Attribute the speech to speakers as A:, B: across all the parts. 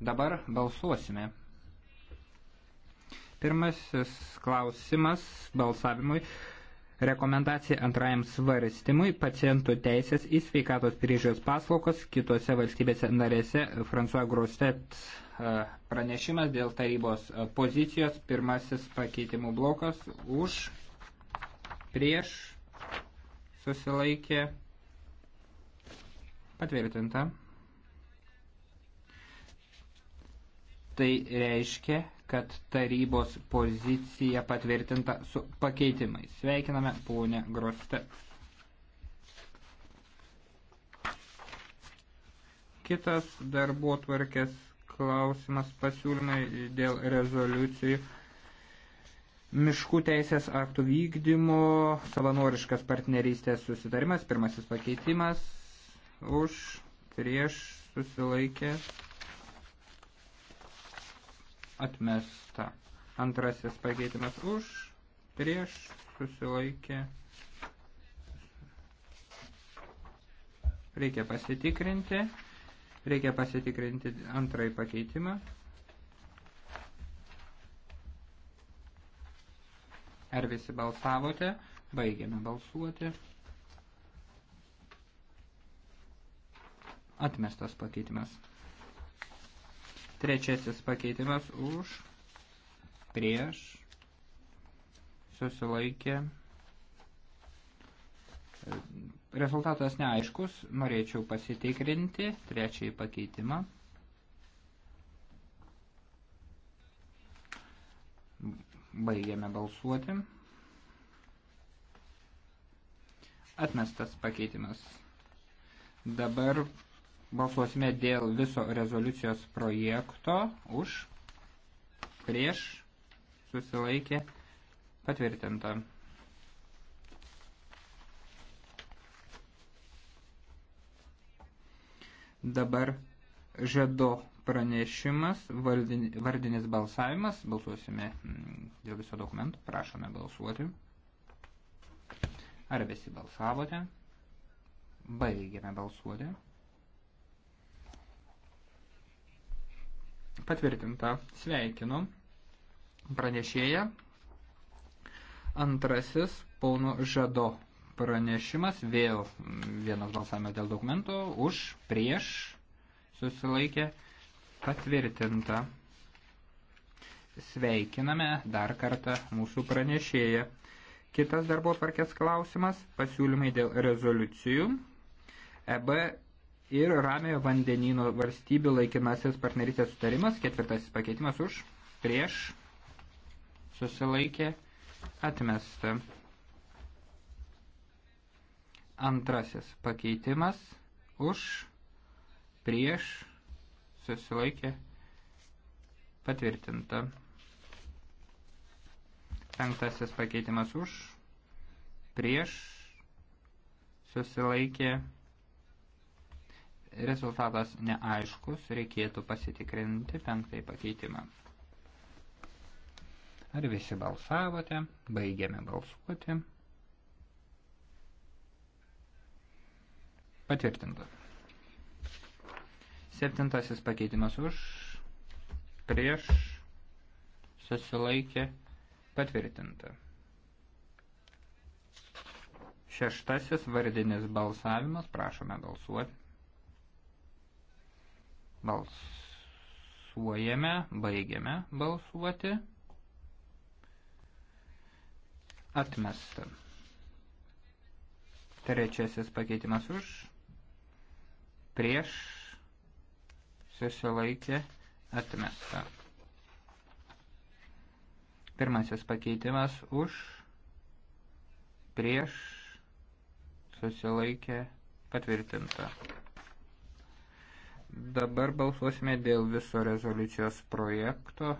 A: Dabar balsuosime. Pirmasis klausimas balsavimui. Rekomendacija antrajam svarstymui pacientų teisės į sveikatos priežiūros paslaugos kitose valstybėse narėse. François Grostet e, pranešimas dėl tarybos e, pozicijos. Pirmasis pakeitimų blokas už, prieš, susilaikė, patvirtinta. Tai reiškia, kad tarybos pozicija patvirtinta su pakeitimais. Sveikiname ponę Groste. Kitas darbo tvarkės klausimas pasiūlymai dėl rezoliucijų. Miškų teisės aktų vykdymo, savanoriškas partnerystės susitarimas, pirmasis pakeitimas už, prieš, susilaikė, atmesta. Antrasis pakeitimas už, prieš, susilaikė. Reikia pasitikrinti. Reikia pasitikrinti antrąjį pakeitimą. Ar visi balsavote? Baigėme balsuoti. Atmestas pakeitimas. Trečiasis pakeitimas už, prieš, susilaikė. Rezultatas neaiškus, norėčiau pasitikrinti trečiąjį pakeitimą. Baigiame balsuoti. Atmestas pakeitimas. Dabar Balsuosime dėl viso rezoliucijos projekto už, prieš, susilaikė, patvirtinta. Dabar žado pranešimas, vardinis balsavimas. Balsuosime mm, dėl viso dokumento. Prašome balsuoti. Ar visi balsavote? Baigėme balsuoti. Patvirtinta. Sveikinu. Pranešėja. Antrasis Pauno Žado pranešimas. Vėl vienas balsavimas dėl dokumento. Už, prieš susilaikė. Patvirtinta. Sveikiname dar kartą mūsų pranešėją. Kitas darbo tvarkės klausimas – pasiūlymai dėl rezoliucijų. EB ir ramiojo vandenino valstybių laikinasis partnerystės sutarimas, ketvirtasis pakeitimas už, prieš, susilaikė, atmesta. Antrasis pakeitimas už, prieš, susilaikė, patvirtinta. Penktasis pakeitimas už, prieš, susilaikė, patvirtinta rezultatas neaiškus, reikėtų pasitikrinti penktąjį pakeitimą. Ar visi balsavote? Baigiame balsuoti. Patvirtinta. Septintasis pakeitimas už, prieš, susilaikė, patvirtinta. Šeštasis vardinis balsavimas, prašome balsuoti. Balsuojame, baigiame balsuoti. Atmesta. Trečiasis pakeitimas už. Prieš. Susilaikė. Atmesta. Pirmasis pakeitimas už. Prieš. Susilaikė. Patvirtinta. Dabar balsuosime dėl viso rezoliucijos projekto.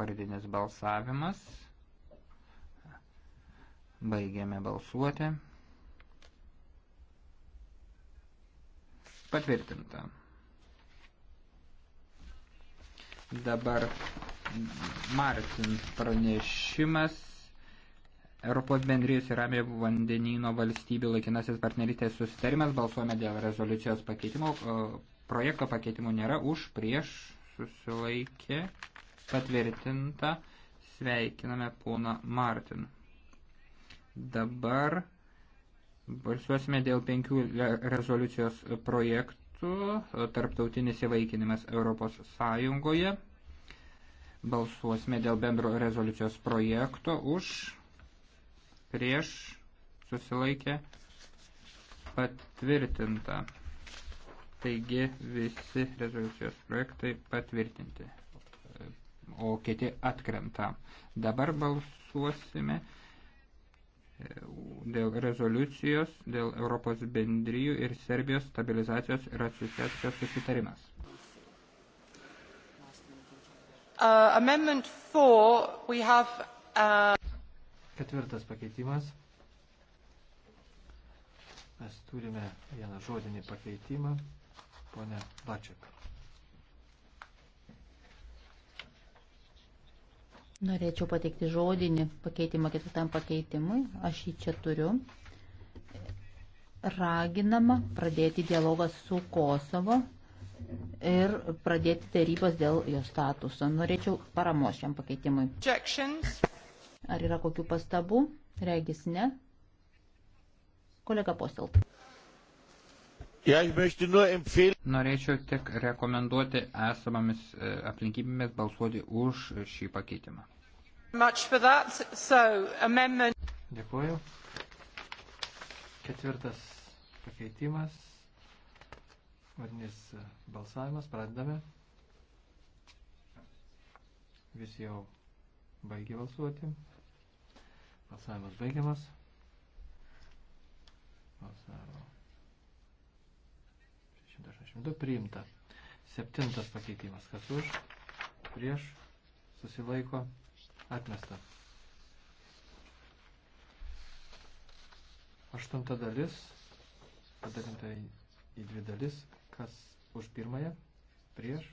A: Vardinis balsavimas. Baigėme balsuoti. Patvirtinta. Dabar Martin pranešimas. Europos bendrijos ir Ramio vandenyno valstybių laikinasis partnerystės susitarimas. Balsuojame dėl rezoliucijos pakeitimo projekto pakeitimų nėra už, prieš, susilaikė, patvirtinta, sveikiname poną Martin. Dabar balsuosime dėl penkių rezoliucijos projektų, tarptautinis įvaikinimas Europos Sąjungoje. Balsuosime dėl bendro rezoliucijos projekto už, prieš, susilaikė, patvirtinta. Taigi visi rezoliucijos projektai patvirtinti, o kiti atkrenta. Dabar balsuosime e, dėl rezoliucijos, dėl Europos bendrijų ir Serbijos stabilizacijos ir asociacijos
B: susitarimas.
C: Uh, amendment 4, we have... Uh...
B: Ketvirtas pakeitimas. Mes turime vieną žodinį pakeitimą ponė Bačiak.
C: Norėčiau pateikti žodinį pakeitimą ketvirtam pakeitimui. Aš jį čia turiu. Raginama pradėti dialogą su Kosovo ir pradėti tarybas dėl jo statuso. Norėčiau paramos šiam pakeitimui. Ar yra kokių pastabų? Regis ne. Kolega Postelt.
B: Norėčiau
A: tik rekomenduoti esamomis e, aplinkybėmis balsuoti už šį pakeitimą. So, amendment...
B: Dėkuoju. Ketvirtas pakeitimas. Vadinis balsavimas. Pradedame. Visi jau baigė balsuoti. Balsavimas baigiamas. Balsavo. 182 priimta. Septintas pakeitimas. Kas už? Prieš. Susilaiko. Atmesta. Aštunta dalis. Padalinta į dvi dalis. Kas už pirmąją? Prieš.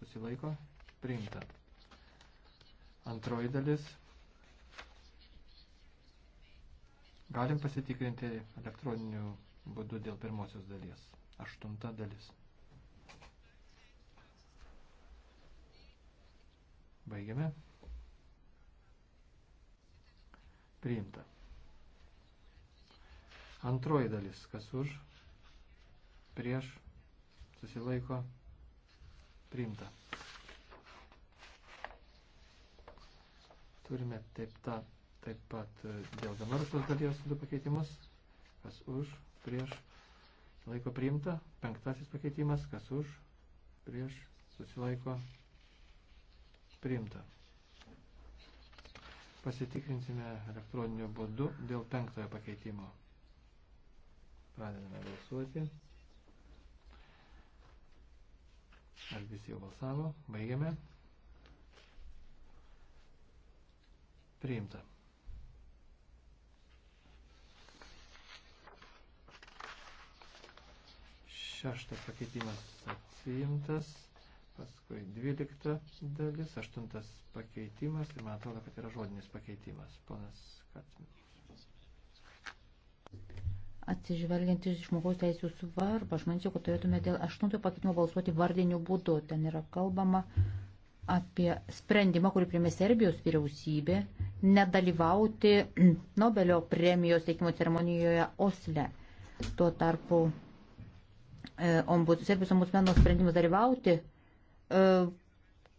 B: Susilaiko. Priimta. Antroji dalis. Galim pasitikrinti elektroniniu būdu dėl pirmosios dalies. Aštunta dalis. Baigiame. Priimta. Antroji dalis. Kas už? Prieš. Susilaiko. Priimta. Turime taip, ta, taip pat e, dėl vienuoliktos dalies du pakeitimus. Kas už? Prieš susilaiko priimta. Penktasis pakeitimas, kas už, prieš, susilaiko priimta. Pasitikrinsime elektroniniu būdu dėl penktojo pakeitimo. Pradedame balsuoti. Ar visi jau balsavo? Baigiame. Priimta. Šeštas pakeitimas atsiimtas, paskui dvylikta dalis, aštuntas pakeitimas ir man atrodo, kad yra žodinis pakeitimas. Ponas Katsminas.
C: Atsižvelgiant į žmogaus teisų svarbą, aš manyčiau, kad turėtume dėl aštuntojo pakeitimo balsuoti vardiniu būdu. Ten yra kalbama apie sprendimą, kurį primė Serbijos vyriausybė, nedalyvauti Nobelio premijos teikimo ceremonijoje Osle. Tuo tarpu ombud, Serbijos ombudsmeno sprendimas dalyvauti e,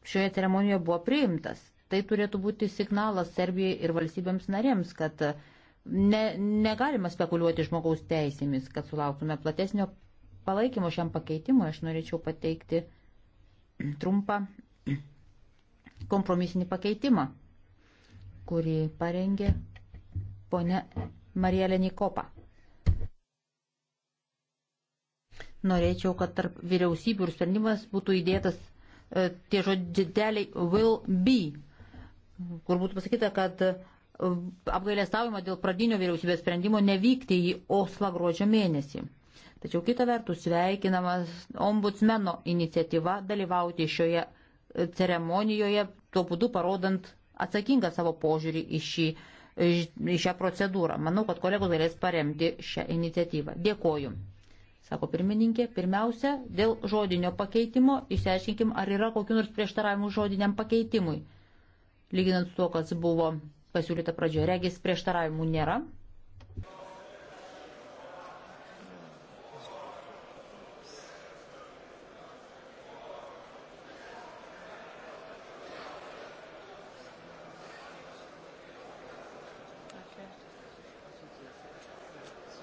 C: šioje ceremonijoje buvo priimtas. Tai turėtų būti signalas Serbijai ir valstybėms narėms, kad ne, negalima spekuliuoti žmogaus teisėmis, kad sulauktume platesnio palaikymo šiam pakeitimui. Aš norėčiau pateikti trumpą kompromisinį pakeitimą, kurį parengė ponia Marielė Nikopa. Norėčiau, kad tarp vyriausybių ir sprendimas būtų įdėtas e, tie žodeliai will be, kur būtų pasakyta, kad e, apgailėstavimo dėl pradinio vyriausybės sprendimo nevykti į Oslą gruodžio mėnesį. Tačiau kita vertus sveikinamas ombudsmeno iniciatyva dalyvauti šioje e, ceremonijoje, tuo būdu parodant atsakingą savo požiūrį į, šį, e, į šią procedūrą. Manau, kad kolegos galės paremti šią iniciatyvą. Dėkoju sako pirmininkė, pirmiausia, dėl žodinio pakeitimo išsiaiškinkim, ar yra kokiu nors prieštaravimu žodiniam pakeitimui. Lyginant su to, kas buvo pasiūlyta pradžioje, regis prieštaravimų nėra.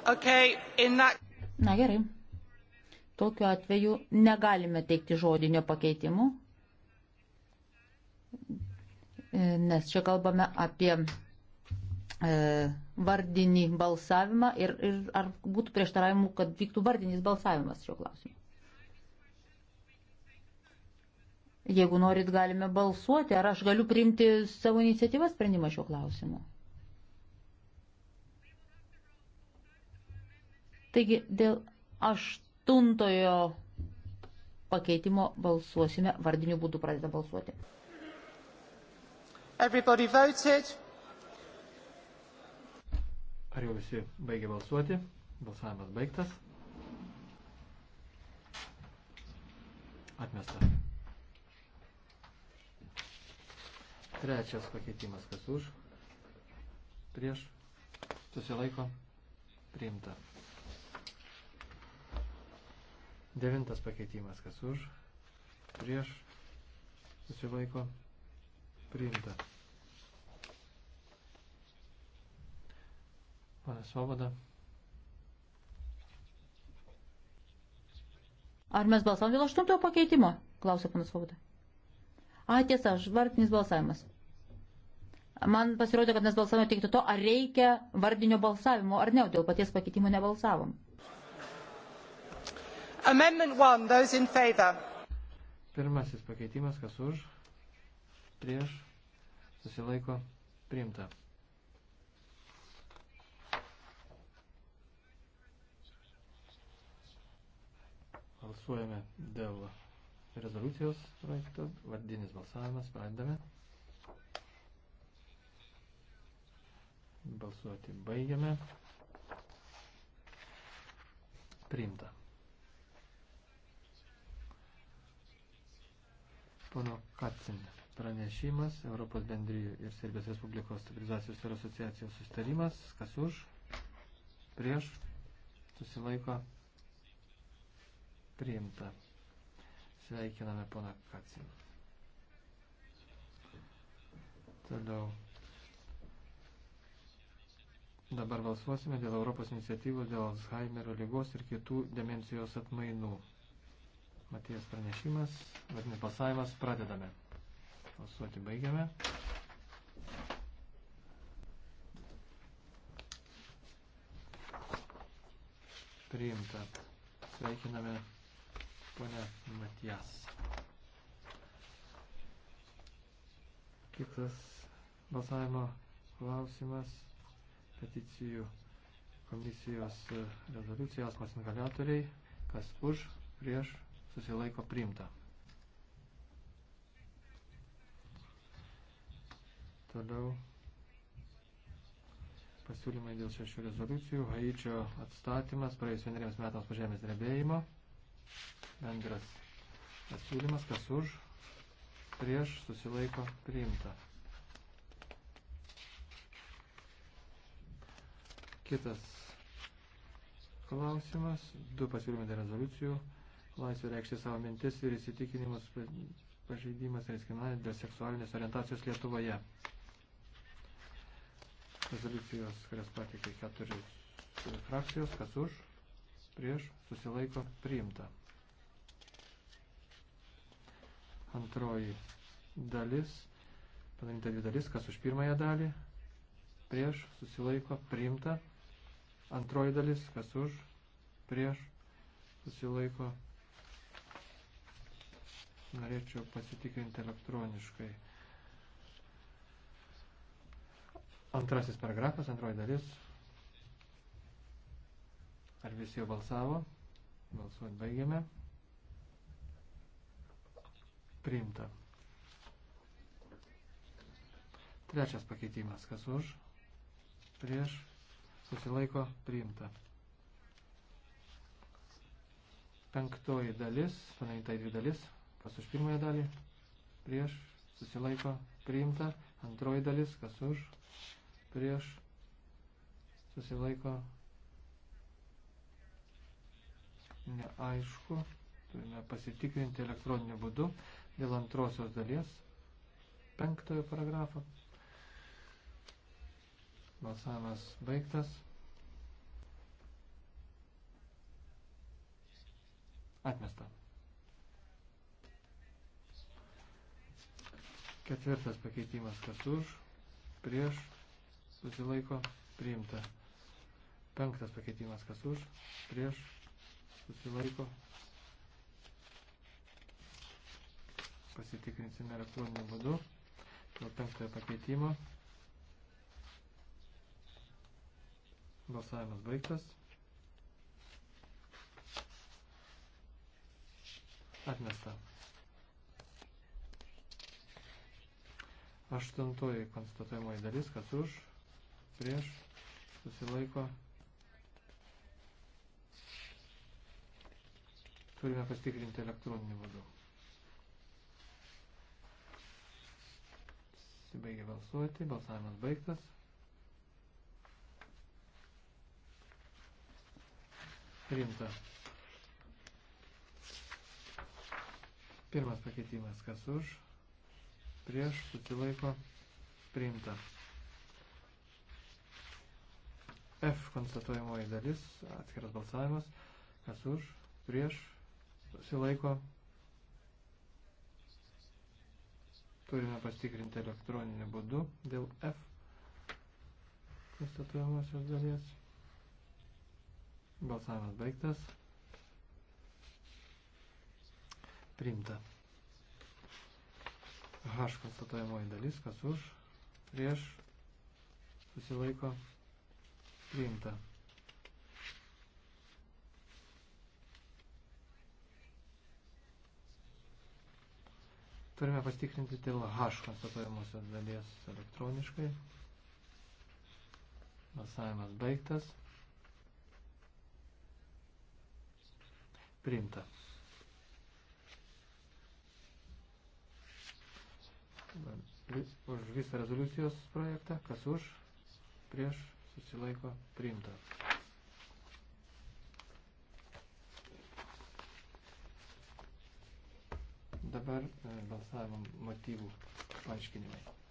B: Okay, in that...
C: Na gerai. Tokiu atveju negalime teikti žodinio pakeitimu, e, nes čia kalbame apie e, vardinį balsavimą ir, ir ar būtų prieštaravimų, kad vyktų vardinis balsavimas šiuo klausimu. Jeigu norit, galime balsuoti, ar aš galiu priimti savo iniciatyvą sprendimą šiuo klausimu. Taigi dėl aštuntojo pakeitimo balsuosime vardiniu būdu pradeda balsuoti.
A: Everybody voted.
B: Ar jau visi baigė balsuoti? Balsavimas baigtas. Atmesta. Trečias pakeitimas, kas už, prieš, susilaiko, priimta. Devintas pakeitimas, kas už, prieš, susilaiko, priimta. Pane Svoboda.
C: Ar mes balsavom dėl aštuntojo pakeitimo? Klausė panas Svoboda. A, tiesa, vardinis balsavimas. Man pasirodė, kad mes balsavome tik to, ar reikia vardinio balsavimo, ar ne, dėl paties pakeitimo nebalsavom. Amendment 1, those in favor.
B: Pirmasis pakeitimas, kas už, prieš, susilaiko, priimta. Balsuojame dėl rezoliucijos projekto, vardinis balsavimas, pradedame. Balsuoti baigiame. Priimta. Pono Katsin pranešimas, Europos bendrijų ir Serbijos Respublikos stabilizacijos ir asociacijos sustarimas, kas už, prieš, susilaiko, priimta. Sveikiname poną Katsin. Toliau. Dabar balsuosime dėl Europos iniciatyvos dėl Alzheimerio lygos ir kitų demencijos atmainų. Matijas pranešimas, vardinis balsavimas, pradedame. Balsuoti baigiame. Priimta. Sveikiname ponę Matijas. Kitas balsavimo klausimas peticijų komisijos rezoliucijos masingaliatoriai, kas už, prieš, susilaiko priimta. Toliau pasiūlymai dėl šešių rezoliucijų, Haičio atstatymas praėjus vieneriems metams po žemės drebėjimo, bendras pasiūlymas, kas už, prieš susilaiko priimta. Kitas klausimas, du pasiūlymai dėl rezoliucijų, laisvę reikšti savo mintis ir įsitikinimus pažeidimas ir diskriminavimas dėl seksualinės orientacijos Lietuvoje. Rezoliucijos, kurias patikė keturios frakcijos, kas už, prieš, susilaiko, priimta. Antroji dalis, padarinta dvi dalis, kas už pirmąją dalį, prieš, susilaiko, priimta. Antroji dalis, kas už, prieš, susilaiko, priimta norėčiau pasitikrinti elektroniškai. Antrasis paragrafas, antroji dalis. Ar visi jau balsavo? Balsuot baigiame. Priimta. Trečias pakeitimas. Kas už? Prieš. Susilaiko. Priimta. Penktoji dalis. Panaitai dvi dalis. Kas už pirmąją dalį? Prieš. Susilaiko. Priimta. Antroji dalis. Kas už? Prieš. Susilaiko. Neaišku. Turime pasitikrinti elektroniniu būdu dėl antrosios dalies. Penktojo paragrafo. Balsavimas baigtas. Atmesta. Ketvirtas pakeitimas, kas už, prieš, susilaiko, priimta. Penktas pakeitimas, kas už, prieš, susilaiko. Pasitikrinsime elektroniniu būdu dėl penktojo pakeitimo. Balsavimas baigtas. Atmesta. Aštuntoji konstatuojamoji dalis, kas už, prieš, susilaiko. Turime pastikrinti elektroninį būdų. Sibaigė balsuoti, balsavimas baigtas. Rimta. Pirmas pakeitimas, kas už prieš susilaiko priimta. F konstatuojamoji dalis, atskiras balsavimas, kas už, prieš, susilaiko. Turime pastikrinti elektroninį būdu dėl F konstatuojamosios dalies. Balsavimas baigtas. Priimta. H konstatuojamoji dalis, kas už, prieš, susilaiko, priimta. Turime pastikrinti dėl H konstatuojamosios dalies elektroniškai. Balsavimas baigtas. Priimta. už visą rezoliucijos projektą, kas už, prieš, susilaiko, priimta. Dabar e, balsavimo motyvų paaiškinimai.